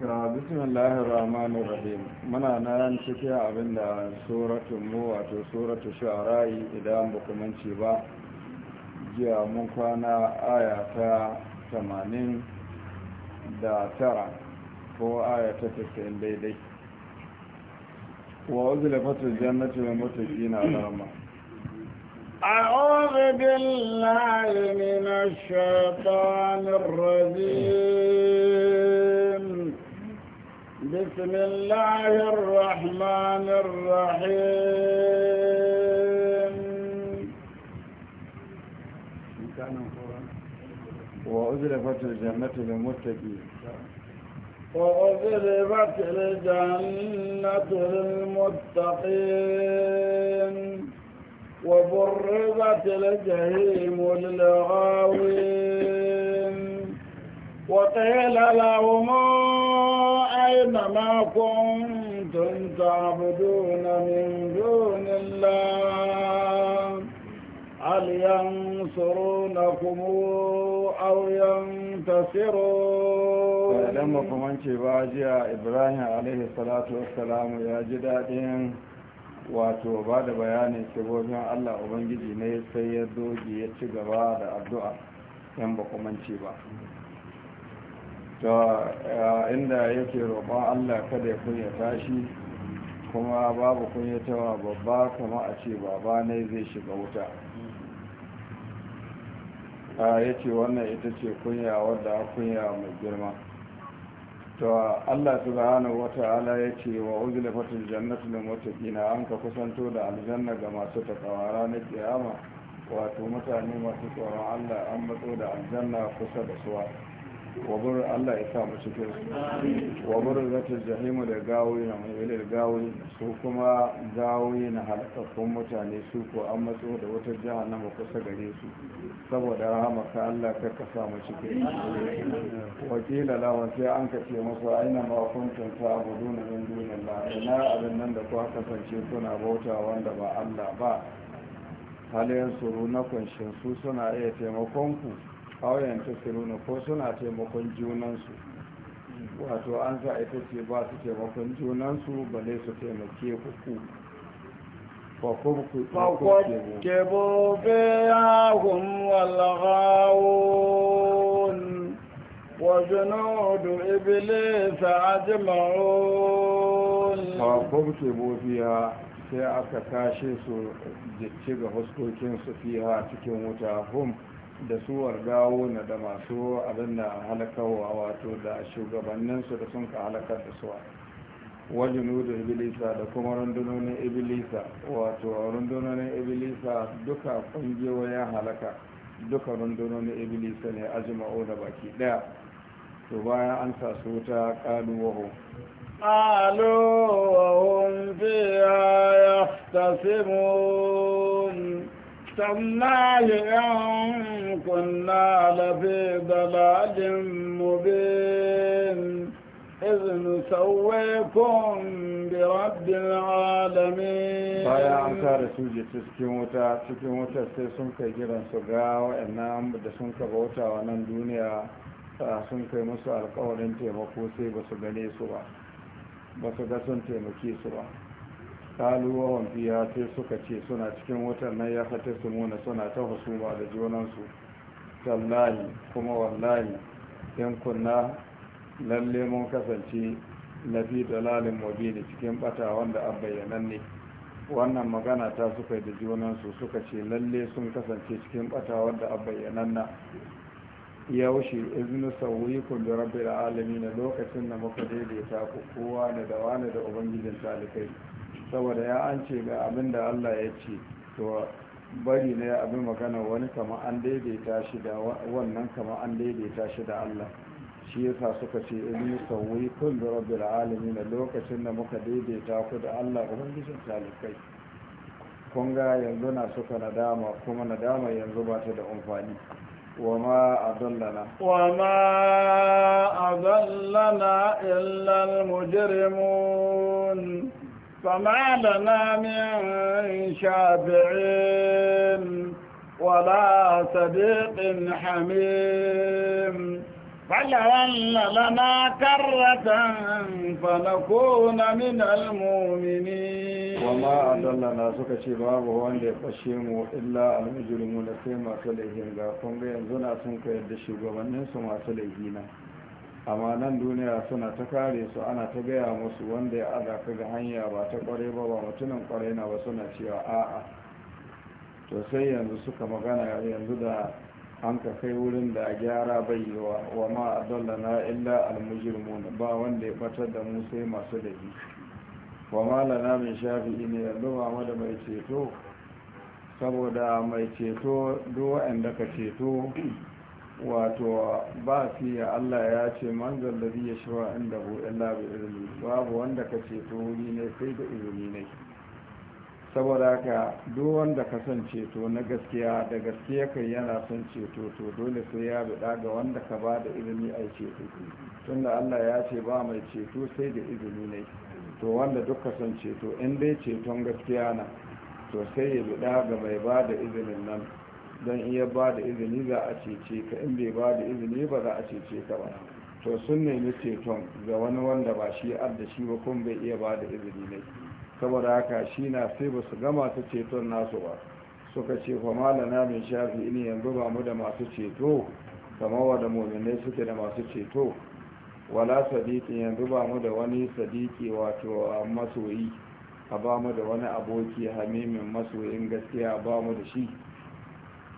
bismillahir rahmanir rahim muna nan cikin da suratul mu wato suratul shu'ara idan ba kuma ci ba jiya mun kwana aya ta 80 da tara ko aya ta 90 daidai wa uzlafatul jannatu lil muttaqina rahma أعوذ بالله من الشيطان الرجيم بسم الله الرحمن الرحيم وأذرفت الجنة للمتقين وأذرفت الجنة للمتقين وبرزت الجحيم للغاوين وقيل لهم ما كنتم تعبدون من دون الله هل ينصرونكم أو ينتصرون فلما فمن ba إبراهيم عليه الصلاة والسلام يا جدادين wato ba da bayanin kibobin allah ubangiji ne sai ya doge ya ci gaba da addu'a yan ba kumanci ba to eh, inda yake roƙon allah kada ya kunya tashi? kuma babu kunyatawa babba kama a ce baba ne zai shiga wuta ya ce wannan ita ce kunya wadda kunya mai girma ta allah wata ala ya ce wa uzlafatul jannatu wata muttaqina an ka kusanto da aljanna ga masu takawara ranar kiyama wato mutane masu tsoron allah an matso da aljanna kusa da suwa wabar allah ya sa mu cikin zata jahimu da gawo na mai gawo su kuma gawo na halakakkun mutane su ko an matso da wata jiha na kusa gare su saboda rahamaka allah ka ka sa cikin wakila lawan sai an ka ce masu aina mafuntun ta abu duna yin duniyar ina abin nan da ku haka kasance suna bauta wanda ba allah ba halayen su na kunshin suna iya taimakon ku auren na ko suna taimakon junansu wato an za a ita ce ba su taimakon junansu ba ne su taimake ku فكبكبوا فيها هم والغاوون وجنود إبليس أجمعون فكبكبوا فيها sai aka kashe su jikci ga huskokinsu fiya cikin wuta hum da su wargawo na da masu abin da wato da shugabanninsu da sun ka halakar da suwa wajinu da ibilisa da kuma rundunonin ibilisa wato rundunonin ibilisa duka kungiyoyin halaka duka rundunonin ibilisa ne ajima'o da baki daya to bayan an sa su wuta kalu waho قالوا ya فيها يختصمون استغنى لأن كنا لفي ضلال مبين إذ نسويكم برب العالمين بايا أنت رسولي تسكي موتا تسكي موتا سيسنك جيران سوغا وإنام دسنك بوتا ونان دونيا sun kai musu alkawarin taimako sai ba su سوا su ba ba su ga kalu wa fiya sai suka ce suna cikin wutar nan ya fata su muna suna ta husuma da junansu tallahi kuma wallahi in kunna lalle mun kasance na fi dalalin mobili cikin bata wanda an bayyanan ne wannan magana ta suka yi da junansu suka ce lalle sun kasance cikin bata wanda an bayyanan na yaushe izinu sauyi kun da rabbi da alami na lokacin da muka daidaita kowa da da wani da ubangijin talikai saboda ya an ce ga abin da Allah ya ce to bari ne abin magana wani kama an daidaita shi da wannan kama an daidaita shi da Allah shi yasa suka ce ilmi sauyi kun da rabbil alamin lokacin da muka daidaita ku da Allah ubangijin talikai kun ga yanzu na suka nadama kuma nadama yanzu ba ta da amfani وما أضلنا وما أضلنا إلا المجرمون فما لنا من شابعين ولا صديق حميم فلو لنا كرة فنكون من المؤمنين وما أدلنا سكا باب وان يقشيموا إلا المجرمون سيما سليهين قاكم بينزنا سنك يدشي ومن سما سليهين amma nan duniya suna ta kare su ana ta gaya musu wanda ya aza ka ga hanya ba ta kware ba ba mutumin kware na ba suna cewa a'a to sai yanzu suka magana yanzu da an ka kai wurin da gyara bai yi wa ma dole na illa almujrimun ba wanda ya batar da mu sai masu yi wa ma lana mai shafi'i ne yanzu ba mu da mai ceto saboda mai ceto duk wa'anda ka ceto wato ba ya allah ya ce man zallabi ya shawa inda buɗin labi izini babu wanda ka ceto wuri ne sai da izini ne saboda ka duk wanda ka son ceto na gaskiya da gaskiya kai yana son ceto to dole sai ya biɗa ga wanda ka ba da izini a ceto tunda allah ya ce ba mai ceto sai da izini ne to wanda duk ka son ceto in dai ceton gaskiya na to sai ya biɗa ga mai ba da izinin nan don iya ba da izini za a cece ka in bai ba da izini ba za a cece ka ba to sun nemi ceton ga wani wanda ba shi da shi ba kun bai iya ba da izini ne saboda haka shi na sai ba su gama ta ceton nasu ba suka ce fa malana min shafi ini yanzu ba mu da masu ceto kamar wanda muminai suke da masu ceto wala sadiki yanzu ba mu da wani sadiki wato masoyi a ba mu da wani aboki hamimin masoyin gaskiya ba mu da shi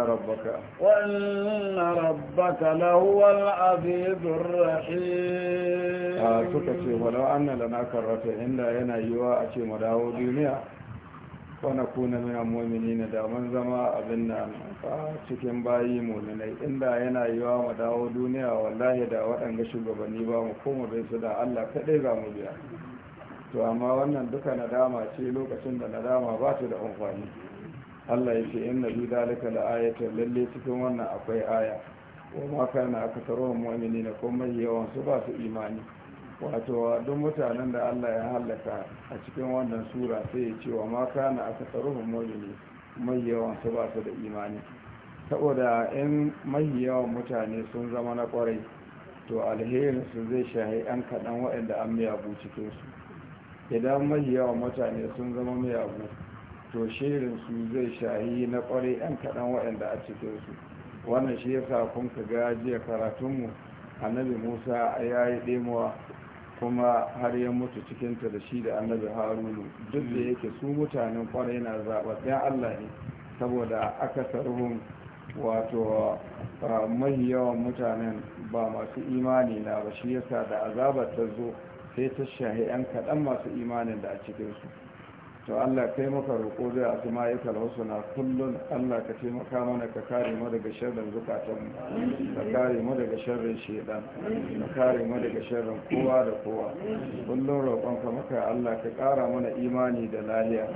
ربك وإن ربك لهو العزيز الرحيم آه سكتي ولو أن لنا كرة عند ينا يوا أتي مداو دنيا ونكون من المؤمنين دا من زما أبنا cikin bayi muminai inda yana yiwa mu dawo duniya wallahi da waɗanda shugabanni ba mu koma bai su da Allah kaɗai za mu biya to amma wannan duka nadama ce lokacin da nadama ba ta da amfani Allah ya ce inna bi dalika la ayatan lalle cikin wannan akwai aya wa ma kana aktaruhum mu'minina kuma yawan su ba su imani wato duk mutanen da Allah ya halaka a cikin wannan sura sai ya ce wa ma kana aktaruhum mu'minina mai yawan su ba su da imani saboda in mai yawan mutane sun zama na kwarai to alherin su zai shahi yan kaɗan waɗanda an miyagu cikinsu idan mai yawan mutane sun zama miyagu to su zai shahi na kwarai 'yan kaɗan waɗanda a cikin su wannan shi yasa kun ka gajiya jiya karatunmu annabi musa ya yi ɗemuwa kuma har ya mutu cikinta da shi da annabi harunu duk da yake su mutanen kwarai na zaɓa, zaɓaɓɓen allah ne saboda aka sarhun wato mahi yawan mutanen ba masu imani na ba shi yasa da azabar ta zo sai ta shahi 'yan kaɗan masu imanin da a cikin su. to Allah kai maka roƙo da asma ya kalhusuna kullun Allah ka taimaka mana ka kare mu daga sharrin zukatan ka kare mu daga sharrin shaidan, ka kare mu daga sharrin kowa da kowa Kullum roƙon ka maka Allah ka ƙara mana imani da lahiya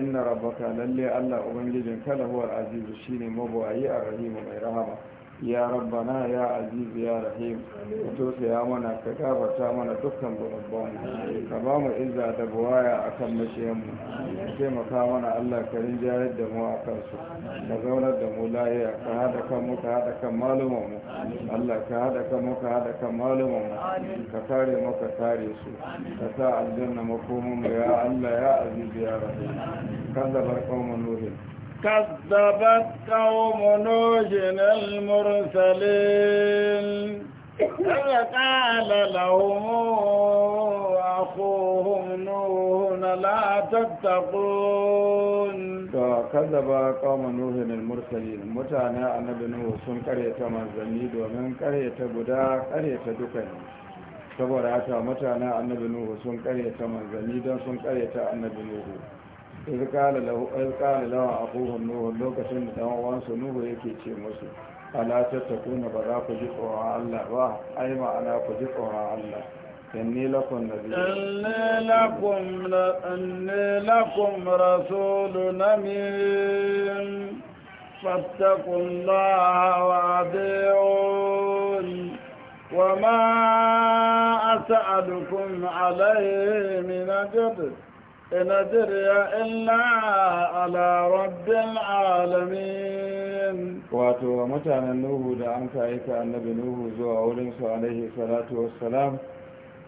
inna rabbaka lalle Allah ubangijin kala huwa azizu shine mabawayi arrahim mai rahama ya rabbana ya aziz ya rahim ka ya mana ka gafarta mana dukkan gurabban ka ba mu izza da buwaya akan mashiyanmu ka taimaka mana allah ka rinjayar da mu a kansu ka zaunar da mu lahiya ka haɗa kan mu ka haɗa kan malumanmu allah ka haɗa kan mu ka haɗa kan malumanmu ka kare mu ka kare su ka sa aljanna mu ya allah ya aziz ya rahim kallabar kauman nuhin كذبت قوم نوح المرسلين قال لهم أخوهم نوح لا تتقون كذب قوم نوح المرسلين متانا أن نوح سن قرية منزلي ومن قرية بدا قرية دكني saboda haka mutanen annabi nuhu sun karyata manzanni don sun karyata annabi nuhu iz qala lahu iz qala lokacin da dan uwansa nuhu yake ce musu ala tattakuna ba za ku ji tsoron Allah ba ai ma'ana ku ji tsoron Allah inni lakum inni lakum rasulun amin فاتقوا الله وأطيعون وما أسألكم عليه من أجر إن أجري إلا على رب العالمين mutanen nuhu da an ka aika annabi nuhu zuwa wurinsu alaihi salatu wassalam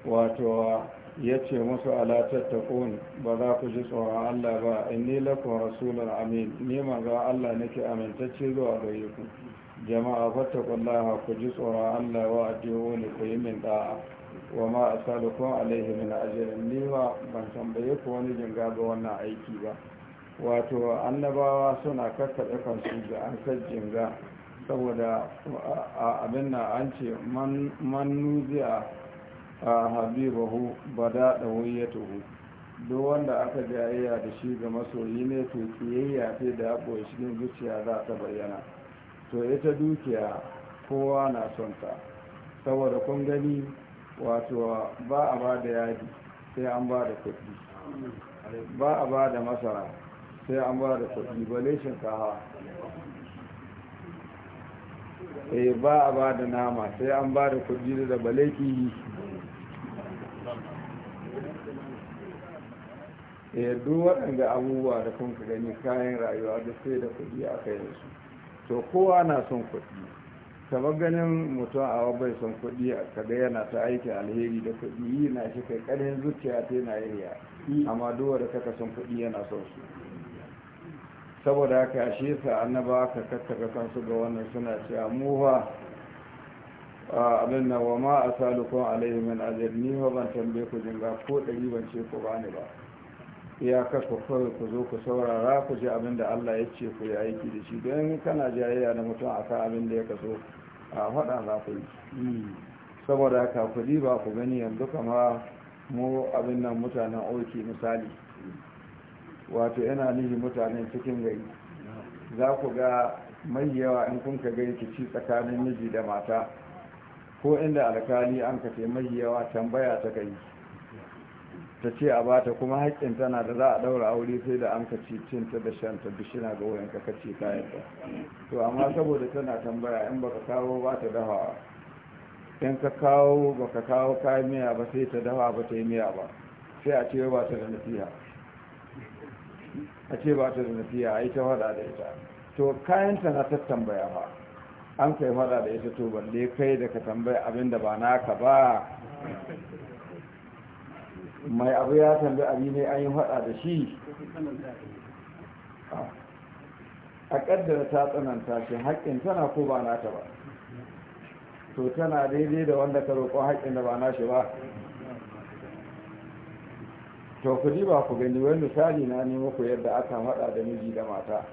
wato ya ce musu alatattakun ba za ku ji tsoron allah ba inni lakum rasulun amin ni manzo allah nake amintacce zuwa gare ku jama'a fattakullaha ku ji tsoron allah wa addini ku yi min ɗa'a. wa ma a salukun alaihi min ajiyar nima ban tambaye ku wani jinga ga wannan aiki ba wato annabawa suna kakkaɗe kansu da an jinga saboda abin na an ce man nuziya a habibahu ba daɗa hu. duk wanda aka jayayya da shi ga masoyi ne to kiyayya ce da ya ɓoye cikin zuciya za ta bayyana to ita dukiya kowa na son ta saboda kun gani wato ba a ba da yadi sai an ba da kuɗi ba a ba da masara sai an ba da kuɗi bale shinkawa eh ba a ba da nama sai an ba da kudi da bale kihi eh duk waɗanda abubuwa da kun gani kayan rayuwa da sai da kuɗi a kai su to kowa na son kuɗi kamar ganin mutum a wabai son kuɗi kada yana ta aiki alheri da yi na shi kai karin zuciya ta yana ya amma duwa da kaka son kudi yana son su saboda haka shi yasa annaba ka kakkaka kansu ga wannan suna a muwa abin na wa ma a salukun alaihi min ajiyar ni ba ban tambaye ku jinga ko ɗari ban ce ku bani ba ya kafa kawai ku zo ku saurara ku ji abin da allah ya ce ku yi aiki da shi don kana jayayya na mutum a kan abin da ya kaso a faɗa za ku yi saboda ka ku ba ku gani yanzu kama mu abin nan mutanen oki misali wato yana nihi mutanen cikin gari za ku ga mai yawa in kun ka ki ci tsakanin miji da mata ko inda alkali an ka mai yawa tambaya ta gari ta ce a bata kuma haƙƙin tana da za a ɗaura aure sai da an kaci cinta da shanta bishina ga wayan ka kaci kayan ta to amma saboda tana tambaya in baka kawo ba ta dafawa in ka kawo baka kawo kayan miya ba sai ta dafa ba ta yi miya ba sai a ce ba ta da nasiha a ce ba ta da nasiha a yi ta faɗa da ita to kayan ta na ta tambaya ba an kai faɗa da ita to balle kai da ka tambaya abin da ba naka ba mai abu ya tambi abu ne an yi hada da shi a kaddara ta tsananta shi haƙƙin tana ko ba nata ba to tana daidai da wanda ka roƙo haƙƙin da ba nashi ba to ku ba ku gani wani misali na nemo ku yadda aka hada da miji da mata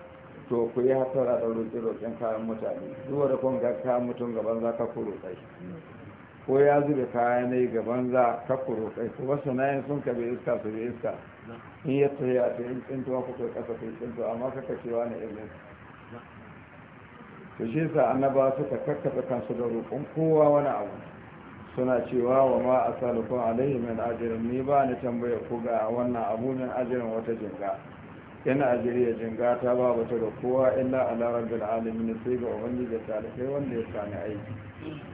to ku yi hasara da roƙe-roƙen kayan mutane zuwa da kun ga kayan mutum gaban za ka ku ko ya zube kaya ne gaban za ta kuro kai su wasu na yin sun kabe iska su bi iska in ya tsaye a ta yin tsintuwa ku kai kasa kai tsintuwa amma kaka cewa na ilmi su shi sa annaba suka kakkaɓe kansu da roƙon kowa wani abu suna cewa wa ma a salukun alaihi min ni ba ni tambaya ku ga wannan abu min ajiyar wata jinga yana jinga ta ba wata da kowa illa a larar da alamin sai ga ubangiji da talibai wanda ya sami aiki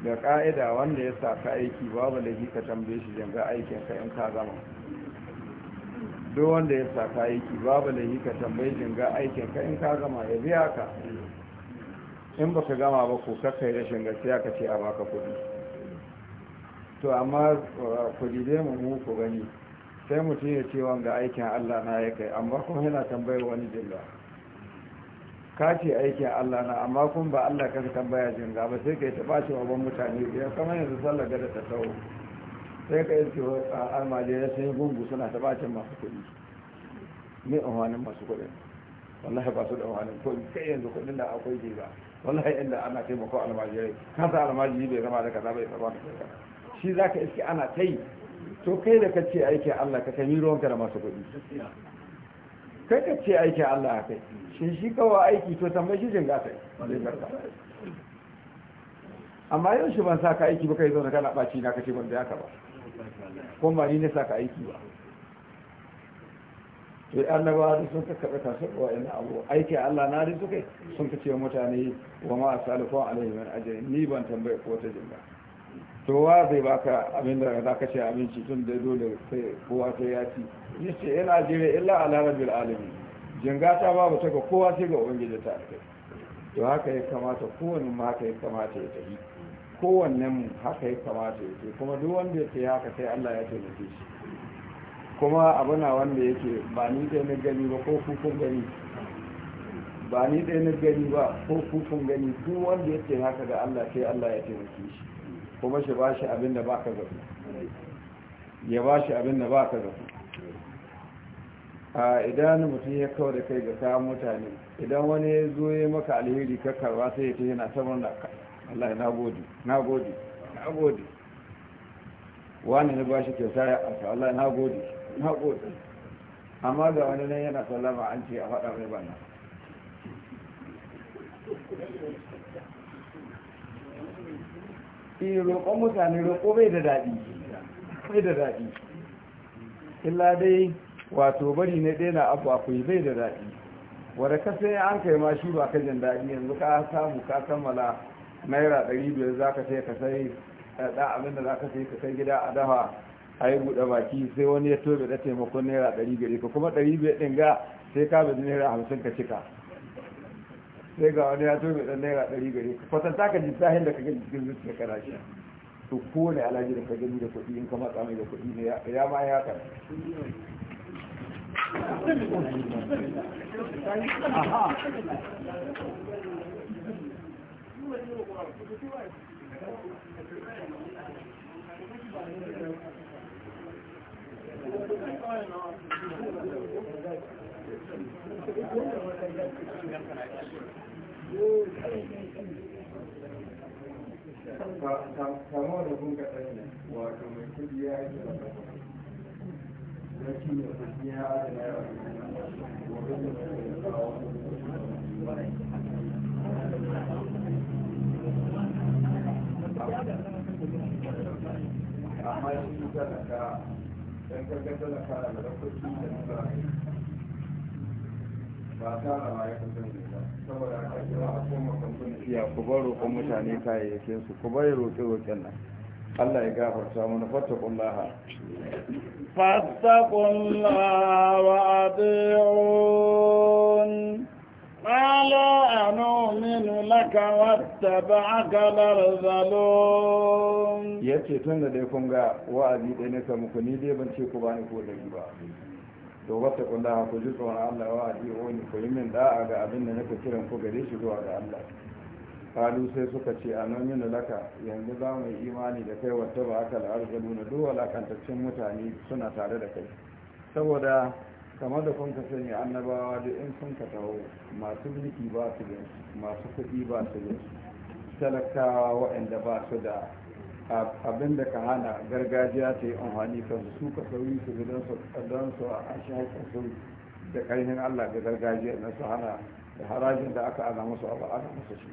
da ka'ida wanda ya sa ka aiki babu da ka tambaye shi jinga aikin ka in ka zama. duk wanda ya sa ka aiki babu da ka tambaye jinga aikin ka in ka zama ya biya ka in baka gama ba ko kakai rashin sai ka ce a baka kuɗi to amma uh, ku dai mu ku gani sai mutum ya ce wanga aikin Allah na ya kai amma kuma yana tambayar wani jilla ka ce aikin Allah na amma kuma ba Allah kasa tambaya jinga ba sai ka yi taba ce wa mutane ya kama yanzu sallar gada ta tsawo sai ka yi cewa ya sun yi gungu suna taba ce masu kudi ne wani masu kudi wallahi ba su da wani kuɗi kai yanzu kuɗin da akwai ke ba wallahi inda ana taimako almajiyar kansa almajiyar bai zama da kaza bai zama da kaza shi za ka iske ana ta yi to kai da kace aiki Allah ka kai ka da masu kuɗi kai ka ce aiki Allah kai shin shi kawai aiki to tambayi shi jinga kai amma yau shi ban saka aiki ba kai zo kana baci na kace ban biya ka ba ko ma ni ne saka aiki ba to annaba da sun ka kasar ko ina abu aiki Allah na rizuke sun kace mutane wa ma asalukum alaihi min ajrin ni ban tambaye ko ta jinga to wa zai baka abin da za ka ce abinci tun da dole sai kowa sai ya ci ni ce yana jira illa ala rabbil alamin jinga ta babu ta ga kowa sai ga ubangiji ta kai to haka ya kamata kowanne ma haka ya kamata ya tafi kowanne mu haka ya kamata ya ce kuma duk wanda ya ce haka sai Allah ya taimake shi kuma abu na wanda yake ba ni dai na gani ba ko kukun gani ba ni dai na gani ba ko kukun gani duk wanda ya ce haka ga Allah sai Allah ya taimake shi kuma shi ba shi abin da ba ka zafi ya ba shi abin da ba ka zafi a idan mutum ya kawo da kai ga kayan mutane idan wani ya zo ya maka alheri ka karba sai ya ce yana ta na Allah na gode na gode gode wani ne ba shi saya ya ta, Allah na gode na gode amma ga wani nan yana sallama an ce a faɗa mai bana E, roƙon mutane roƙo bai da daɗi bai da daɗi illa dai wato bari na ɗaya na abu akwai bai da daɗi wadda ka ya an kai ma shi ba ka jin daɗi yanzu ka samu ka kammala naira ɗari biyar za ka sai ka sai eh, ɗa abin da za ka sai ka sai gida a dafa a yi buɗe baki sai wani ya tobe da taimakon naira ɗari biyar ka kuma ɗari biyar ɗin ga sai ka bi naira hamsin ka cika sai ga wani ya to mai dan naira ɗari gare ka kwatanta ka ji sahin da ka gani cikin zuciya kana shi to alaji da ka gani da kuɗi in ka matsa mai da kuɗi ne ya ma ya kan Thank you. kama da kun kaɗan ne wato mai kudiya ya yi da na kuma da kudi ya da ya amma shi talaka don kaga talaka da kudi da nuna ya ku bar roƙon mutane kayayyakin su ku bar roƙe roƙen nan Allah ya gafarta mana fattakullaha fattakullaha wa wata ba a لك واتبعك Ya ce tun da dai kun ga wa'azi ɗaya na samu ku ni dai ban ce ku bani ko da ba to ta kula ku ji tsoron Allah wa ji wani ku yi min da'a ga abin da nake kiran ku gare shi zuwa ga Allah kalu sai suka ce a nan yin laka yanzu za mu yi imani da kai wata ba aka al'arzalu nuna, duk walakantaccen mutane suna tare da kai saboda kamar da kun sani annabawa da in sun ka taho masu mulki ba su masu kuɗi ba su talakawa waɗanda ba su da abin da ka hana gargajiya ta yi amfani kan su ka sauri su don su a shi da ƙarfin allah da gargajiya na su hana da harajin da aka ana musu abu ana musu shi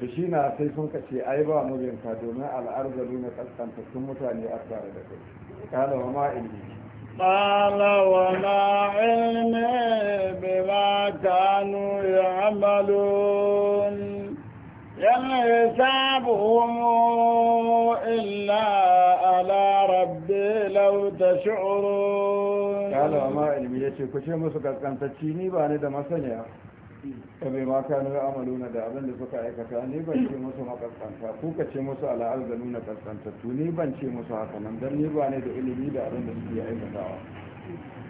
su shi na sai sun kace ai ba mu yanka domin al'arzalu na sun mutane a tare da kai kala wa ma ilmi qala wa ma ilmi bima kanu ya'malun ينسابهم إلا على ربي لو تشعرون قال وما علمي يتي كشي مسكا كانت تشيني باني دم سنيا kabe ma ka nuna amaluna da abin da suka aikata ni ban ce musu makaskanta ku ka ce musu al'arga nuna kaskantattu ni ban ce musu haka nan don ni ba ne da ilimi da abin da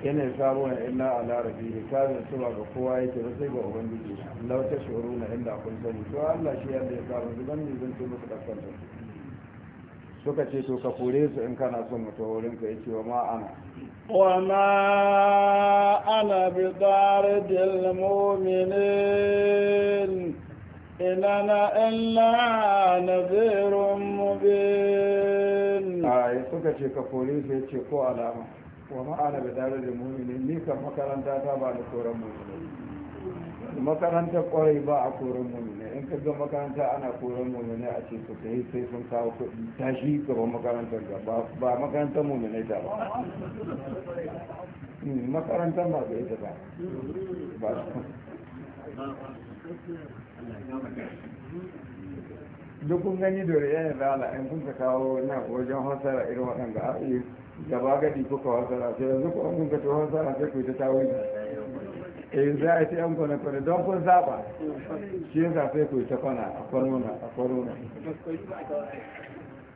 yana sabo na illa ala rabbi da kazin su ga kowa ya ba sai ga ubangiji na ta shuru na inda kun sani to Allah shi yadda ya sabo su ne zan ce musu kaskanta suka ce to ka kore su in kana son mutu wurin ka yace wa ma ana wa ma ana bi dalmominin? Ina na ina illa zirin mubin yi suka ce ka kore su yace ko alama wa ma'ana da tare da mumini ni kan makaranta ta ba da koren mumini makarantar kwarai ba a koren mumini in ka ga makaranta ana koren mumini a ce su kai sai sun kawo kuɗi tashi gaban makarantar ga ba makarantar mumini ta ba hmm, makarantar ba ga ita ba ba duk kun gani da riya da ala in kun ka kawo nan wajen hasara irin waɗanda a yi gaba gadi kuka hasara sai yanzu ku an kun ka to hasara sai ku yi ta tawo eh za a ce an kwana kwana don kun saba shi yasa sai ku yi ta kwana a kwanona a kwanona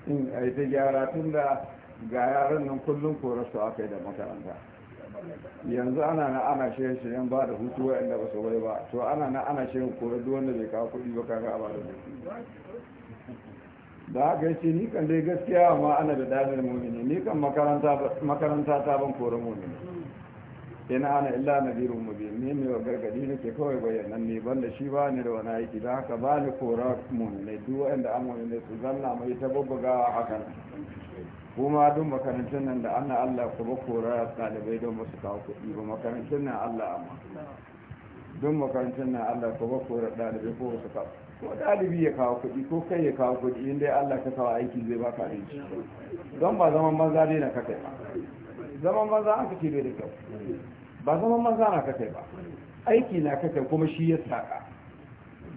in a yi ta gyara tun da ga yaran nan kullum korar su aka yi da makaranta yanzu ana na ana shirin shirin ba da hutu waɗanda ba su wai ba to ana na ana shirin korar duk wanda bai kawo kuɗi ba kaga a ba da hutu da haka yace ni kan dai gaskiya amma ana da dalil mu'mini ni kan makaranta makaranta ta ban kore mu'mini ina ana illa nadirun mubin ni mai gargadi ke kawai bayanan ne banda shi ba ne da wani aiki da haka ba ni kora mu'mini duk wanda an mu'mini su zanna mai ta bubbugawa hakan kuma duk makarantun nan da ana Allah ku ba kora talibai don ba kawo kuɗi ba makarantun nan Allah amma duk makarantun nan Allah ku ba kora dalibai ko ba su kawo ko dalibi ya kawo kuɗi ko kai ya kawo kuɗi in dai Allah ka kawo aiki zai baka aiki don ba zaman banza ne na kakai ba zaman banza an kake bai da kyau ba zaman banza na kakai ba aiki na kakai kuma shi ya saka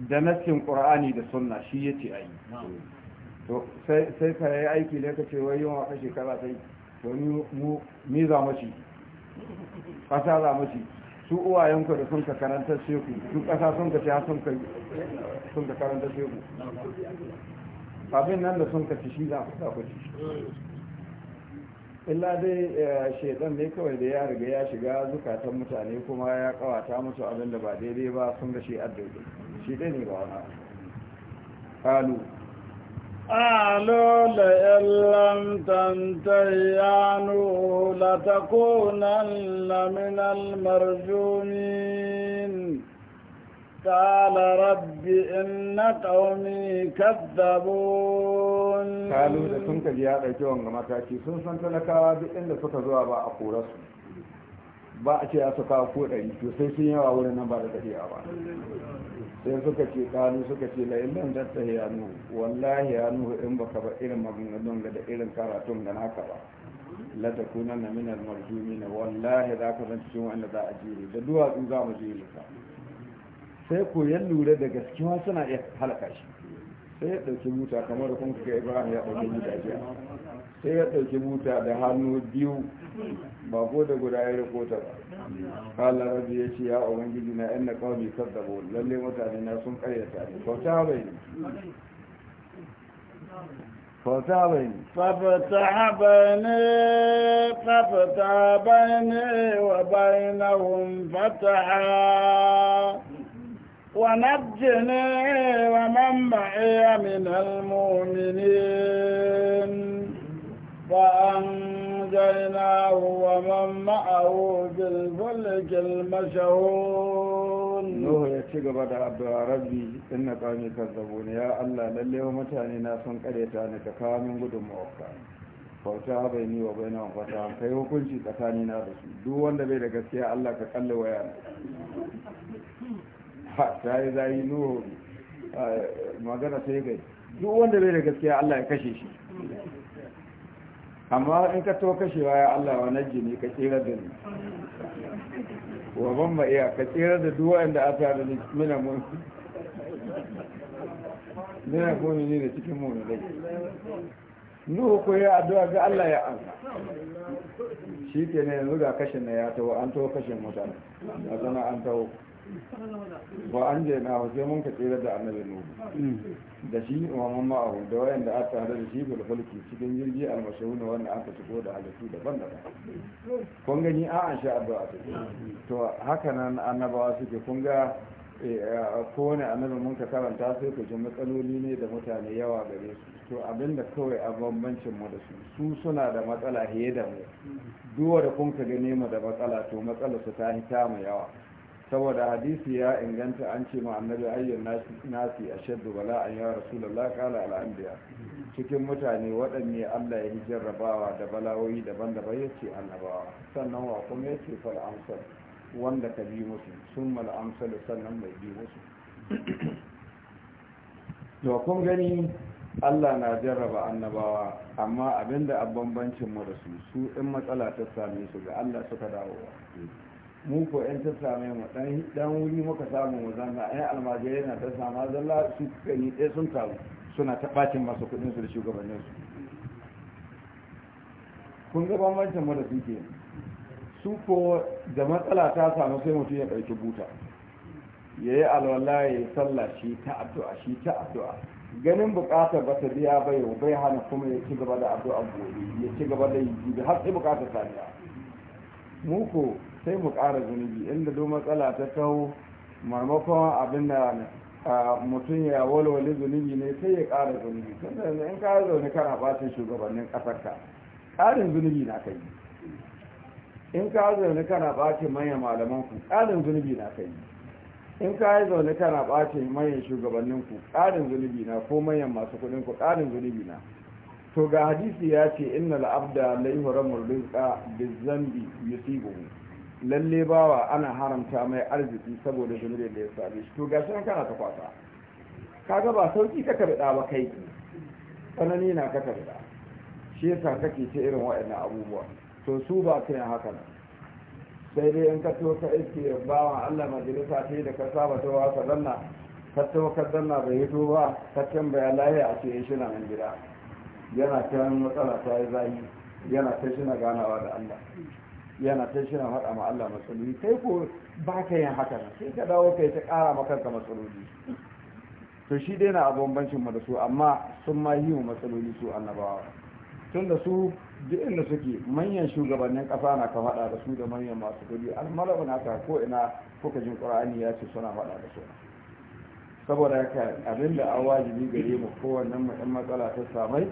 da nassin qur'ani da sunna shi ya ce ayi to sai sai ka yi aiki ne ka ce wai yawan kashe kaza sai to mu mi za mu ci fasa za mu ci su uwayenku da sun ka karanta sheku su ƙasa sun ka ta sun ka karanta sheku abin nan da sun ka ci shi za ku sa ku illa dai eh, shaidan ne kawai da ya riga ya shiga zukatan mutane kuma ya kawata musu abin da ba daidai ba sun ga shi addaidai shi dai ne ba wani قالوا لئن لم تنتهي عنه لتكونن من المرجومين قال رب إن قومي كذبون قالوا da sun kaji ya ɗauki wanga mataki sun san talakawa duk inda suka zuwa ba a kora su ba a ce ya suka ko ɗari to sai sun yawa wurin nan ba da daɗewa ba sai suka ce kanu suka ce la in ta tattahi anu wallahi anu in baka ba irin maganganun ga da irin karatun da naka ba la na min al marjumin wallahi za ka san cikin wanda za a jire da duwatsu za mu jire ka sai ko ya lura da gaskiya suna iya halaka shi sai ya dauki buta kamar kun ga Ibrahim ya dauki muta jiya sai ya dauki buta da hannu biyu ba ko da guda ya rikota ba قال ربي يا أبنجينا أن قومي كذبوا للي متعدنا سن قريتا فتعبيني فتعبيني ففتح بيني ففتح بيني وبينهم فتحا ونجني ومن معي من المؤمنين فأنت ونجيناه ومن معه بالفلك المشهون نوح يتشغب دعا ربي إنك أني كذبون يا الله للي ومتاني ناس قريتاني كامن قدم وقتاني bauta bai ni wa bai na nawa ta kai hukunci tsakani na da su duk wanda bai da gaskiya Allah ka kalle waya ha ta sai zai nuhu magana ta yi gai duk wanda bai da gaskiya Allah ya kashe shi amma in ka to kashewa ya Allah wa ne ka tsira da ni wa ban iya ka tsira da duk wanda a tare da mina mun mina ko ne da cikin mu ne nuhu ko ya addu'a ga Allah ya ansa shi ke ne yanzu ga kashin na ya taho an to kashin mutane a zama an taho ba an je na sai mun ka tsira da annabi nuhu da shi imaman ma'ahu da wayan da aka hada da shi bil fulki cikin jirgi almashahuna wanda aka shigo da halittu daban-daban kun gani a an sha addu'a to haka nan annabawa suke kun ga eh, kowane annabi mun ka karanta sai ku ji matsaloli ne da mutane yawa gare su to abinda kawai a bambancin mu da su su suna da matsala fiye da mu duwa da kun ka gane mu da matsala to matsalar su ta hita mu yawa saboda hadisi ya inganta an ce ma annabi ayyun nasi a shaddu bala an ya rasulullah kala al'ambiya cikin mutane waɗanne allah ya jarrabawa da balawoyi daban-daban ya ce annabawa sannan wa kuma ya ce fal'amsar wanda ka bi musu sun mal'amsar sannan mai bi musu to kun gani allah na jarraba annabawa amma abinda a bambancin mu da su su in matsala ta same su ga allah suka dawowa mu ko yan ta same mu dan dan wuri muka samu mu zanna ai almajiri na ta sama zalla su kai dai sun taru suna ta bacin masu kudin su da shugabannin su kun ga bambancin mu da suke su ko da matsala ta samu sai mutum ya ɗauki buta ya yi alwala sallah shi ta addu'a shi ta addu'a ganin bukatar ba ta biya bai bai hana kuma ya ci gaba da addu'a gobe ya ci gaba da yi har sai bukatar ta biya mu ko sai mu ƙara zunubi inda duk matsala ta taho maimakon abin da mutum ya walwale zunubi ne sai ya ƙara zunubi tunda yanzu in ka zaune kana ɓacin shugabannin ƙasarka ƙarin zunubi na kai in ka zaune kana ɓacin manyan malaman ku ƙarin zunubi na kai in ka yi zaune kana ɓacin manyan shugabannin ku ƙarin zunubi na ko manyan masu kuɗin ku ƙarin zunubi na to ga hadisi ya ce inna al'abda la yuhramu rizqa bizanbi yusibuhu lalle bawa ana haramta mai arziki saboda zunubin da ya same shi to ga shi kana ta kwasa kaga ba sauki ka karɓa ba kai tsanani na ka karɓa shi yasa kake ce irin waɗannan abubuwa to su ba su yin haka nan sai dai in ka to ka iske bawa Allah majalisa ce da ka saba ta wasa zanna ka to ka zanna bai hito ba ka baya lahiya a ce shi na nan gida yana can matsala ta yi zai yana ta shi na ganawa da Allah yana ta shi haɗa ma Allah matsaloli kai ko ba ka yin haka nan sai ka dawo kai ta ƙara ma kanka matsaloli to shi dai na abin bancin mu da su amma sun ma yi matsaloli su annabawa tun da su duk inda suke manyan shugabannin ƙasa na ka haɗa da su da manyan masu gudu almalabu na ka ko ina kuka jin ƙura'ani ya ce suna faɗa da su saboda haka abinda da an wajibi gare mu kowannen in matsala ta samai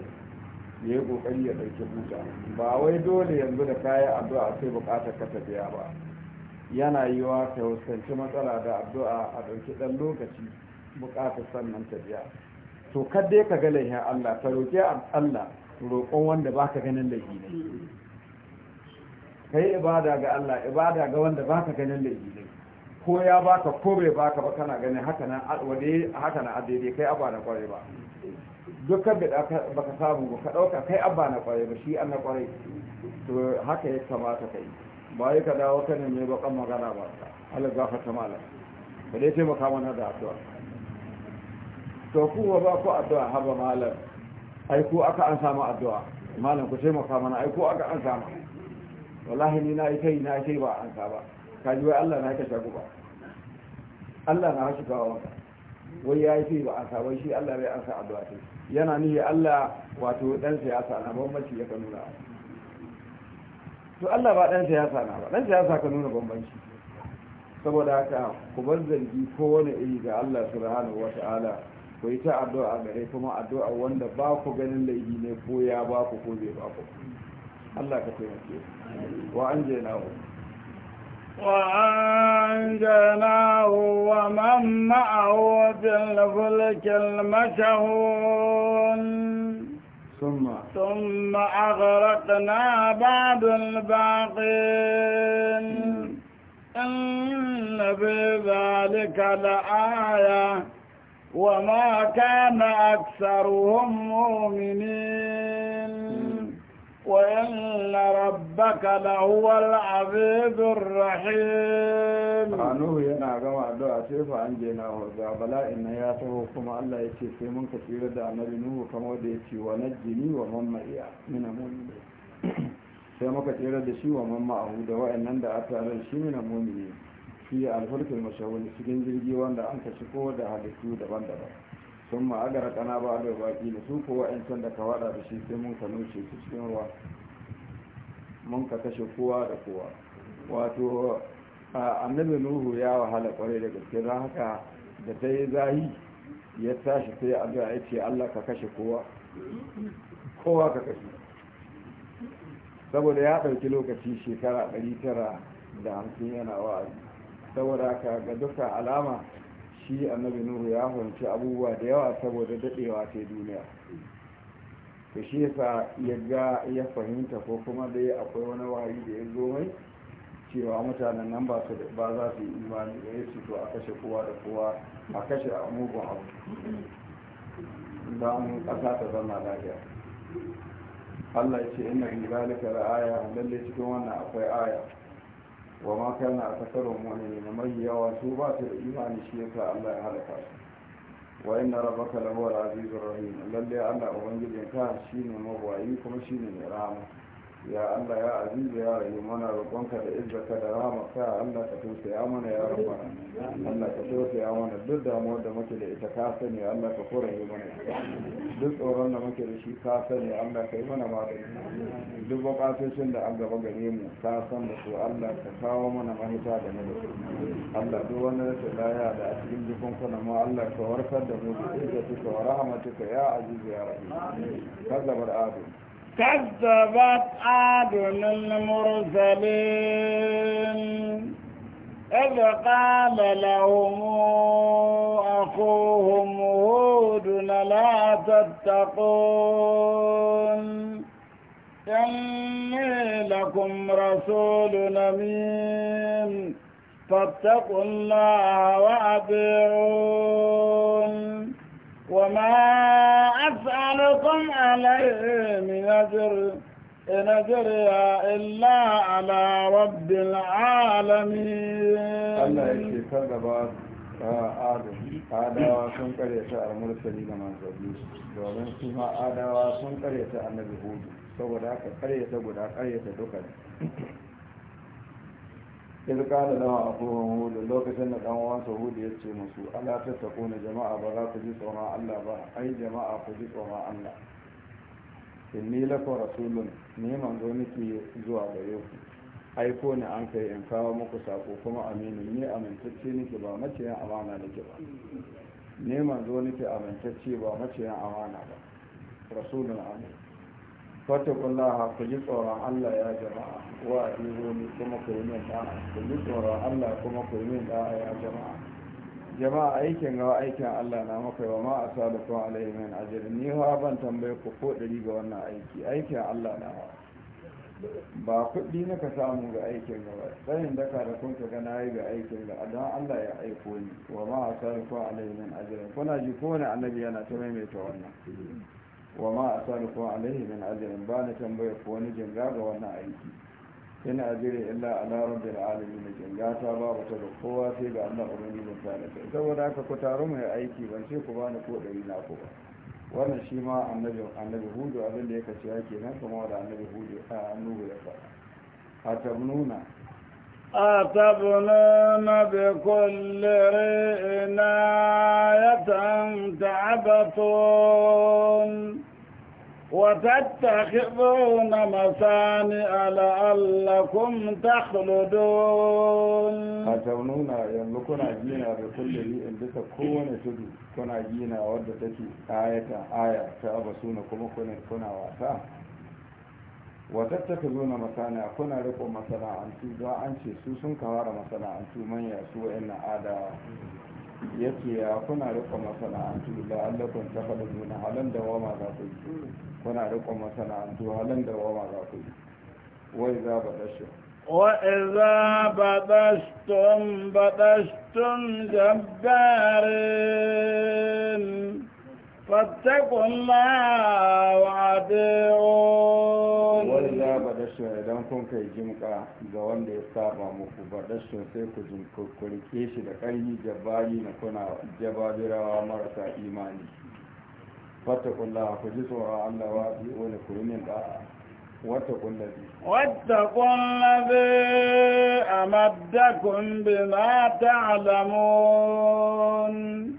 ya yi ƙoƙari ya ɗauki buta ba wai dole yanzu da kayan addu'a sai buƙatar ka ta biya ba yana yi yiwa ka fuskanci matsala da addu'a a ɗauki ɗan lokaci buƙatar sannan ta biya to kadai ka ga laihin Allah ka roƙi Allah roƙon wanda baka ganin da ne ka yi ibada ga Allah ibada ga wanda ka ganin da ne ko ya baka ko bai baka ba kana ganin haka na a daidai kai abada kwarai ba dukkan da baka samu ba ka ɗauka kai abba na ƙwarai ba shi an na ƙwarai to haka ya kamata kai ba yi ka dawo ka ne ba bakan magana ba Allah gafarta malam ba dai taimaka mana da addu'a to kuma ba ku addu'a haba malam ai ko aka an samu addu'a malam ku taimaka mana ai ko aka an samu wallahi ni na yi kai na yi ba an sa ba ka ji wai Allah na ka shagu ba Allah na hashi wa wai ya yi ba an sa shi Allah bai an sa addu'a sai yana nihi Allah wato dan siyasa na bambanci ya ka nuna to Allah ba dan siyasa na ba dan siyasa ka nuna bambanci saboda haka ku bar zargi ko wani iri ga Allah subhanahu wata'ala ku yi ta addu'a gare kuma addu'a wanda ba ku ganin laifi ne ko ya ba ku ko bai ba ku Allah ka taimake wa anje je na ku وأنجناه ومن معه في الفلك المشهون ثم ثم أغرقنا بعد الباقين إن في ذلك لآية وما كان أكثرهم مؤمنين وإن ربك لهو العزيز الرحيم عنه yana gama addu'a sai fa an je na ga bala'in na ya taho kuma Allah ya ce sai mun ka tsira da annabi Nuhu kamar da ya ce wa najjini wa da shi wa mamma ahu da wa'annan da aka ran shi mina mu'mini fi alfulkul mashawun cikin jirgi wanda an kashi ko da halittu daban-daban sun gara kana ba da baki da su yan can da ka wada da shi sai mun ka nuce su cikin ruwa mun ka kashe kowa da kowa wato annabi nuhu ya wahala kwarai da gaske don haka da ta yi zahi ya tashi sai a ga ya ce allah ka kashe kowa kowa ka kashe saboda ya ɗauki lokaci shekara 950 yana wa'azi saboda ka ga duka alama shi annabi nuhu ya fahimci abubuwa da yawa saboda dadewa ta duniya to shi yasa ya ga ya fahimta ko kuma dai akwai wani wahayi da ya zo mai cewa mutanen nan ba za su yi imani da ya to a kashe kowa da kowa a kashe a mugun abu mu kasa ta zama lafiya Allah ya ce ina bi da aya lalle cikin wannan akwai aya wa ma kana a takarun wani na mai yawa su ba su da imani shi yasa Allah ya halaka su wa inna rabbaka lahu al-azizur rahim lalle Allah ka shine mabwayi kuma shine mai rahama ya Allah ya azizu ya rayu mana roƙonka da izzaka da rahamaka ya Allah ka tausaya mana ya rabbana Allah ka tausaya mana duk damuwar da muke da ita ka sani Allah ka koraye mana duk tsoron da muke da shi ka sani Allah ka yi mana magani duk buƙatocin da an gaba gare mu ka san da su Allah ka kawo mana mahita da na Allah duk wani rashin laya da a cikin jikunkunan mu Allah ka warkar da mu da izzatika wa rahamatika ya azizu ya rayu kazzabar adu كذبت عاد المرسلين إذ قال لهم أخوهم هود لا تتقون إني لكم رسول أمين فاتقوا الله وأطيعون وما أسألكم عليه من أجر إن أجري إلا على رب العالمين الله يشكر بعض آدم آدم sun karyata al-mursali ga manzanni domin su adawa sun karyata annabi hudu saboda haka karyata guda karyata duka iz kana lahu abuhum hud lokacin da dan uwansa hud ya ce musu ala tattaquna jama'a ba za ku ji tsoron Allah ba ai jama'a ku ji tsoron Allah inni lakum rasulun ni manzo nake zuwa gare ai ko ni an kai in kawo muku sako kuma aminu ni amintacce nake ba maciyan amana nake ba ni manzo nake amintacce ba maciyan amana ba rasulun amin fatakun laha ku ji tsoron allah ya jama'a wa a ihoni kuma ku yi min da'a ku ji tsoron allah kuma ku yi min da'a ya jama'a jama'a aikin gawa aikin allah na maka wa ma a salukun alayhi min ajiyar ni ha ban tambaye ku ko ɗari ga wannan aiki aikin allah na ma. ba kuɗi na ka samu ga aikin gaba tsayin daka da kun ga na yi ga aikin ga Adon allah ya aiko ni wa ma a sarrafa alayhi min ajiyar kuna ji kowane annabi yana ta maimaita wannan wa ma a sani kuma alaihi min ajiyar ba na tambaya ko wani jinga ga wannan aiki yana ajiyar illa larar da alamin na jinga ta babu ta da kowa sai ga Allah ubangijin ta da kai saboda haka ku taru mai aiki ban ce ku bani ko ɗari na ku ba wannan shi ma annabi annabi hudu abin da ya kace yake nan kuma da annabi hudu a annubu ya faɗa atabnuna أتبنون بكل رئنا يتم تعبتون وتتخذون مصانع لعلكم تخلدون فتونون يملكون كنا بكل ريء بس كون تدو كون جينا ودى تكي آية آية تأبسون كم كون كون واسا وتتخذون مصانع كنا لكم مصانع أنتو دعا أنتو سوسن كوارا مصانع أنتو من يسوء إن آدى ya ce ya kuna rikon masana'antu da allakon tafada faɗa nuna halin da wama za ku yi kuna rikon masana'antu halin da wama za ku yi wai za ba ba وإذا ba da جبارين فاتقوا الله وعدعون ولله badashin idan kun kai jimka ga wanda ya saba muku badashin sai ku jinkurkurke shi da ƙarfi jabari na kuna jababirawa marasa imani fattakullah ku ji tsoron Allah wa bi wani kurmin da'a واتقوا الذي واتقوا الذي أمدكم بما تعلمون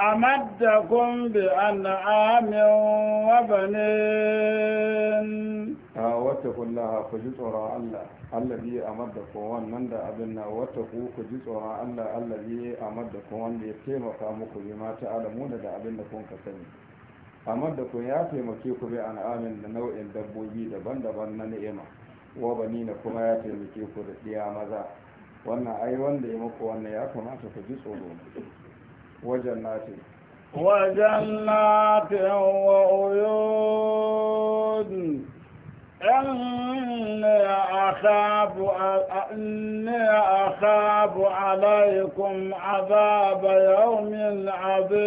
أمدكم بأنعام وبنين واتقوا الله فجزورا الله الذي أمدكم ومن ونند أبنا واتقوا فجزورا الله الذي أمدكم ويتيم قامك بما تعلمون دا أبنكم كسني أمدكم يا مكيك بأنعام نوع دبوبي دبن دبن نعمة وبنين كما يا مكيك بأنعام مذا wannan ai wanda ya muku wannan ya kamata ku ji tsoro وجنات وجنات وعيون إني أخاف إني أخاف عليكم عذاب يوم عظيم.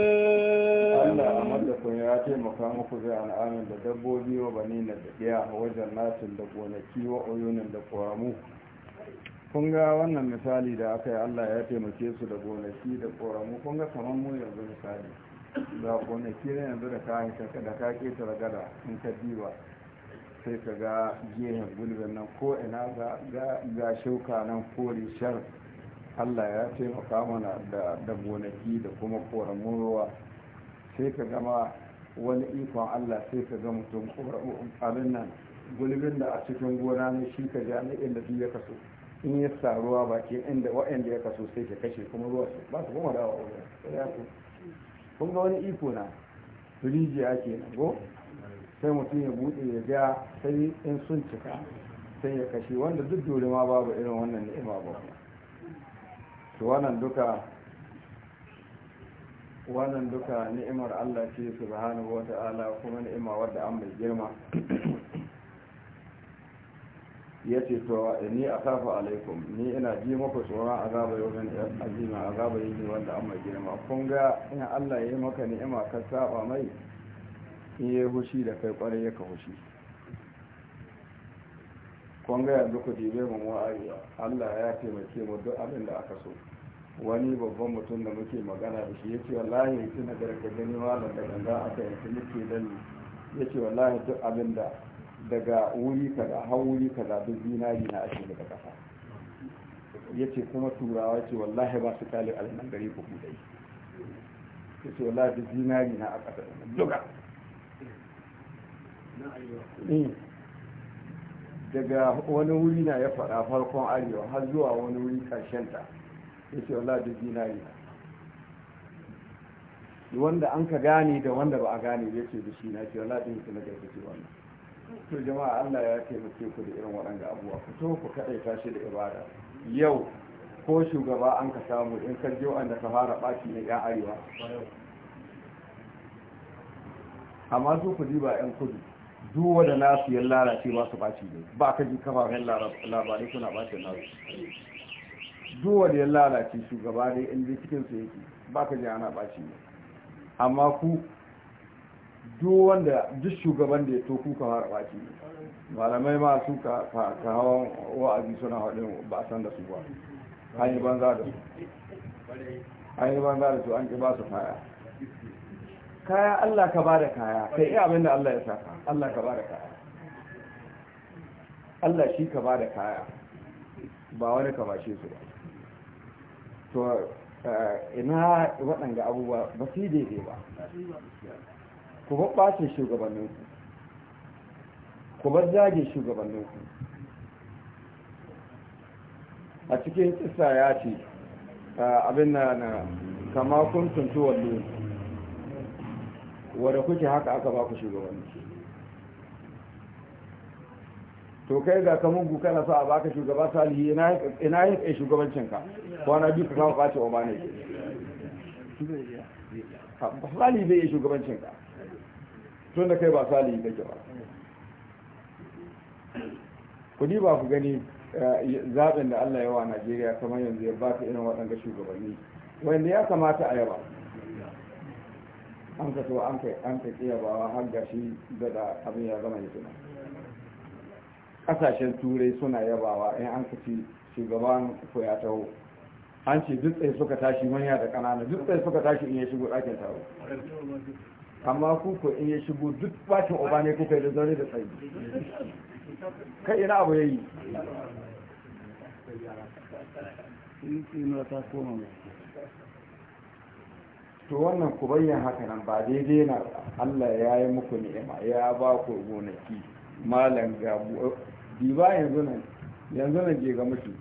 الله أمدكم يا مكان مقامكم في آمن لدبوبي وبنين لدقيا وجنات لدقونكي وعيون لدقوامو kun ga wannan misali da aka yi allah ya taimake su da gonaki da koramu kun ga kamar mu yanzu misali da gonaki na yanzu da ka shaka da ka gada in ka diba sai ka ga gehen gulbin nan ko ina ga shuka nan kori shar allah ya taimaka mana da gonaki da kuma ƙoramun ruwa sai ka gama wani ikon allah sai ka ga mutum abin nan gulbin da a cikin gona ne shi ka ja na inda ya kaso in ya sa ruwa bakin inda waɗanda ya kaso sai ke kashe kuma ruwa su ba su kuma da ya wurin kun ga wani iko na rijiya ke na go sai mutum ya buɗe ya ga sai in sun cika sai ya kashe wanda duk dole ma babu irin wannan ni'ima ba su wannan duka wannan duka ni'imar Allah ce subhanahu wata'ala kuma ni'ima wadda an bai girma ya ce to eh, ni a safa alaikum ni ina ji maka tsoron azaba yau min azima azaba yi wanda an mai girma kun ga in Allah ya yi maka ni'ima ka saba mai in ya hushi da kai kwarai ya ka hushi kun ga yanzu ku dibe mu wa'ayi Allah ya taimake mu duk abin da aka so wani babban mutum da muke magana da shi ya ce wallahi tun da gargaɗi gani malam da ganga aka yanzu ke dan ya ce wallahi duk abin da daga wuri kaza har wuri kaza duk zinari na ashe daga kasa ya ce kuma turawa ce wallahi ba su kali alnan gari ku kudai ya ce wallahi duk zinari na a kasa duka eh. daga wani wuri na ya faɗa farkon arewa har zuwa wani wuri karshen ta ya ce wallahi duk zinari na wanda an ka gane da wanda ba a gane ya ce da shi na ce wallahi duk zinari na ce wannan to jama'a Allah ya taimake ku da irin waɗanda abubuwa ku so ku kaɗai tashi da ibada yau ko shugaba an ka samu in ka je wanda ka fara ɓaci ne ya arewa amma su ku diba 'yan kudu duk wanda nasu 'yan lalace ba su ɓaci ne ba ka ji kafafen labarai suna na su duk wanda 'yan lalace shugaba dai in dai cikin su yake ba ka ji ana ɓaci ne amma ku duk wanda duk shugaban da ya to kuka fara baki malamai ma su ka hawan wa'azi suna haɗin ba san da su ba an yi banza da su an yi banza da su an ƙi ba su kaya kaya allah ka ba da kaya kai iya abinda allah ya saka allah ka ba da kaya allah shi ka ba da kaya ba wani ka bashe su ba to eh, ina waɗanda abubuwa ba su yi daidai ba ku bar ɓacin shugabanninku ku bar zage shugabanninku a cikin kisa ya ce abin na na kama kun tuntu wallo wadda kuke haka aka ba ku shugabanci to kai ga kamun guka na sa a baka shugaba salihi ina yin kai shugabancinka kwana biyu ka kama ɓacin obana ke salihi bai yi shugabancinka tun da kai ba salihi kake ba kudi ba ku gani eh, zaɓin da Allah yawa a Najeriya kamar yanzu ya ba ta irin waɗanda shugabanni wanda ya kamata a yaba an ka so an kai an kai yabawa har gashi da da abin ya zama hikima ƙasashen turai suna yabawa in an ka ci shugaban ko ya taho an ce duk suka tashi manya da kanana duk suka tashi in ya shigo ɗakin taro amma ku ko in ya shigo duk bacin oba ne kuka yi da zaune da tsayi kai ina abu ya yi to wannan ku bayyan haka nan ba daidai na Allah ya yi muku ni'ima ya ba ku gonaki malam gabu diba yanzu nan yanzu nan je ga mutu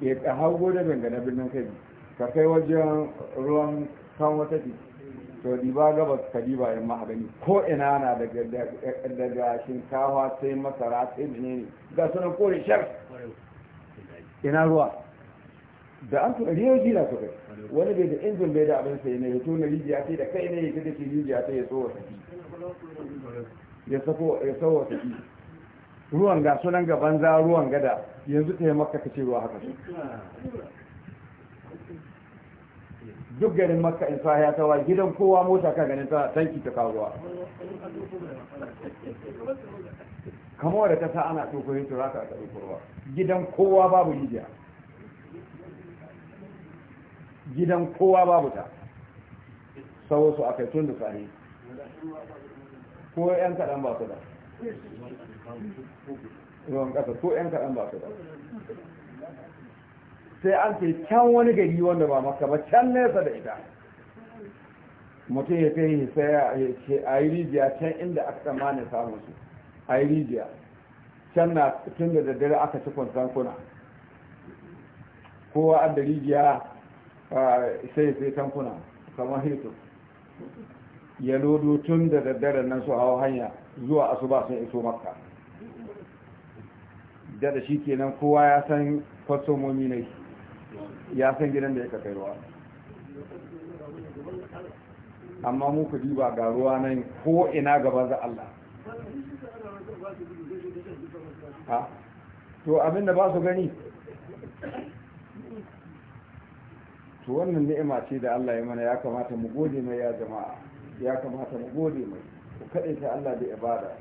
ya ka hago da dangane birnin kai ka kai wajen ruwan kan wata titi to diba gabas ka diba yamma a gani ko ina na daga daga shinkawa sai masara sai menene ga sunan kore shar ina ruwa da an riyo jina su kai. wani bai da injin bai da abin sai ne ya tona rijiya sai da kai ne ya kace rijiya sai ya tsowa saki ya sako ya tsowa saki ruwan ga sunan gaban za ruwan gada yanzu ta yi maka kace ruwa haka duk garin makka in sa ya tawa gidan kowa mota ka ganin ta tanki ta kawo ruwa kamar da ta sa ana tokoyin turaka ta ruwa gidan kowa babu rijiya gidan kowa babu ta sau su kai tun da sani ko yan kaɗan ba su da ruwan ƙasa ko yan kaɗan ba su da sai an ce can wani gari wanda ba maka ba can nesa da ita mutum ya kai sai a yi rijiya can inda aka tsammanin samun su a yi rijiya can na tun da daddare aka ci kwanzan kuna kowa an da rijiya sai sai tankuna kamar hito ya lodo tun da daddare nan su hawa hanya zuwa asu ba sun iso makka da da shi kenan kowa ya san na yi. ya san gidan da ya kai ruwa amma mu ku diba ga ruwa nan ko ina gaba za Allah ha to abin da ba su gani to wannan ni'ima ce da Allah ya mana ya kamata mu gode mai ya jama'a ya kamata mu gode mai ku kaɗai ta Allah da ibada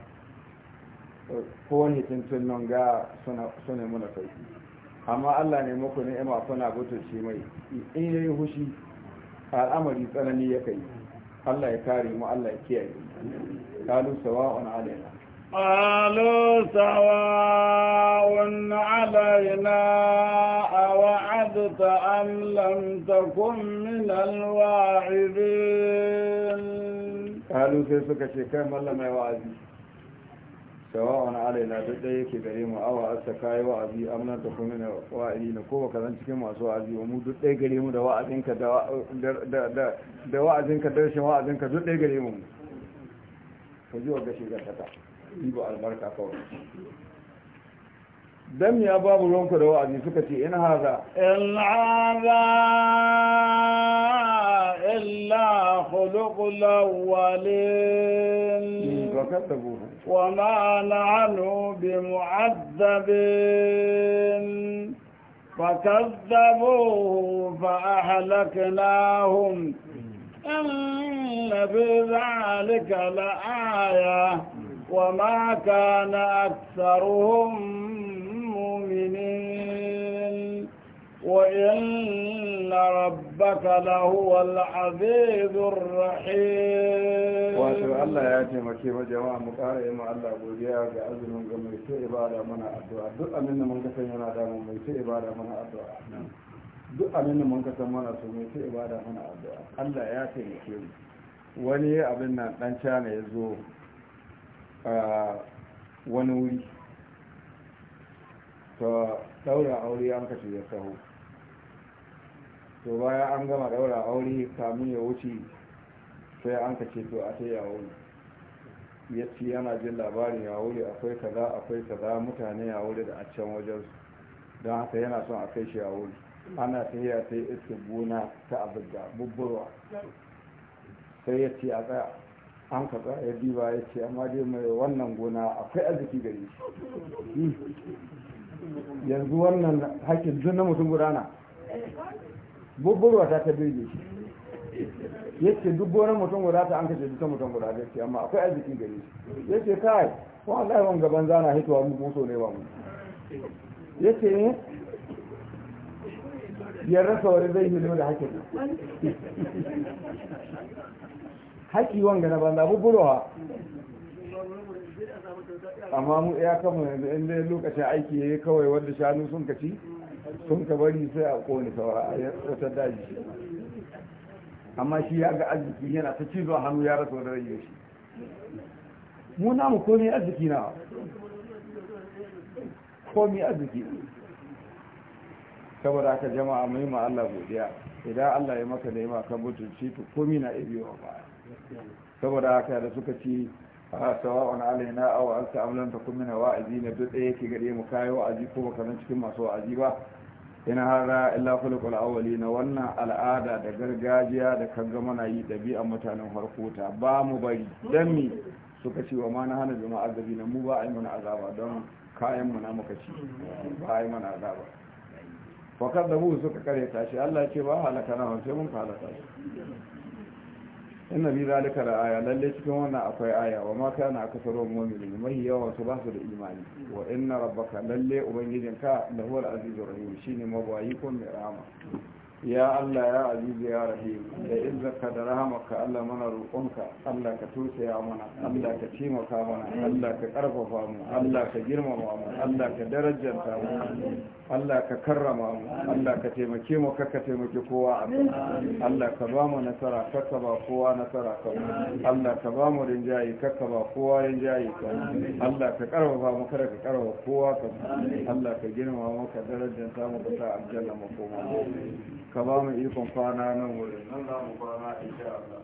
ko wani tuntun nan ga suna mana kai amma allah ne muku ne ima suna shi mai in ya yi hushi al'amari tsanani ya kai allah ya kare mu allah ya kiyaye kalu sawa al'aina. alayna kalu al'aina wani alayna a wa'adu ta allon ta kummin alwa'idin kalu sai suka ce kai mallamai wa'azi sawa'un alaina duk da yake gare mu awa asa kai wa'azi amna da kuma na wa'azi na kowa kazan zan cikin masu wa'azi wa mu duk ɗaya gare mu da wa'azinka da da wa'azin ka rashin wa'azinka duk ɗaya gare mu ka ji wa gashi ga ta ba albarka kawai dan ya ba mu ranku da wa'azi suka ce in haza in haza illa khuluqul awwalin wa kadzabu wa ma na'anu bi mu'azzabin فكذبوه فأهلكناهم إن في ذلك لآية وما كان أكثرهم المؤمنين وإن ربك لهو العزيز الرحيم واتو الله يا مكي وجماعة مقارئ ما الله بوديا بأذن من قمرت إبادة من الدعاء دعا من من قسم من هنا من ميت إبادة من الدعاء دعا من من كفين من سميت إبادة من الدعاء الله يا تمكي wani abin nan dan cana ya zo wani wuri to daura aure an ka ya sahu to baya an gama daura aure kamin ya wuce sai an kace to a sai ya wuri ya ci yana jin labarin ya wuri akwai kaza akwai kaza mutane ya wuri da a can wajen don haka yana son a kai shi ya wuri ana ta sai iska gona ta abinda bubburwa sai ya ce a tsaya an ka tsaya ya diba ya ce amma dai mai wannan gona akwai arziki gari. yanzu wannan haƙƙin duk na mutum gudana bubburwa ta ta birge shi ce duk na mutum guda ta an kashe duka mutum guda da ce amma akwai arziki gari shi yace kai wallahi wani gaban zana hitowa mu muso ne ba mu ce ne eh, ya rasa wani zai hilo da haƙƙin haƙƙi wanga na banza bubburwa amma mu ya kama yanzu in dai lokacin aiki ya yi kawai wanda shanu sun kaci sun ka bari sai a kone saura a wata daji amma shi ya ga arziki yana ta ci zuwa hannu ya rasa wani rage shi mu namu komai arziki na wa? komai arziki saboda haka jama'a mai ma Allah godiya idan Allah ya maka da yi maka mutunci to komai na wa ba saboda haka da suka ci sawa'un alaina aw anta am lam takun min wa'azi na duk da yake gare mu kai wa'azi ko baka nan cikin masu wa'azi ba ina hada illa khuluqul awwalin wannan al'ada da gargajiya da kan ga mana yi dabi'a mutanen farko ta ba mu bari dan mi suka ci wa ma hana jama'a azabi na mu ba ai mana azaba don kayan mu na muka ci ba ai mana azaba fakar da mu suka kare tashi Allah ya ce ba halaka na sai mun halaka shi inna bi zalika la aya lalle cikin wannan akwai aya wa ma kana aksaru mu'minin mai yawa su ba su da imani wa inna rabbaka lalle ubangijinka da al azizur rahim shine mabwayi ko mai rahama ya Allah ya azizu ya rahim da izzaka da rahamaka Allah mana roƙonka Allah ka tosaya mana Allah ka taimaka mana Allah ka ƙarfafa mu Allah ka girmama mu Allah ka darajanta mu Allah ka karrama mu Allah ka taimake mu ka ka taimake kowa Allah ka ba mu nasara ka ka ba kowa nasara ka Allah ka ba mu rinjaye ka ka ba kowa rinjayi ka Allah ka ƙarfafa mu kada ka ƙarfafa kowa ka Allah ka girmama mu ka darajanta mu ka sa aljanna mu koma ka ba mu ikon kwana nan wurin nan za mu kwana a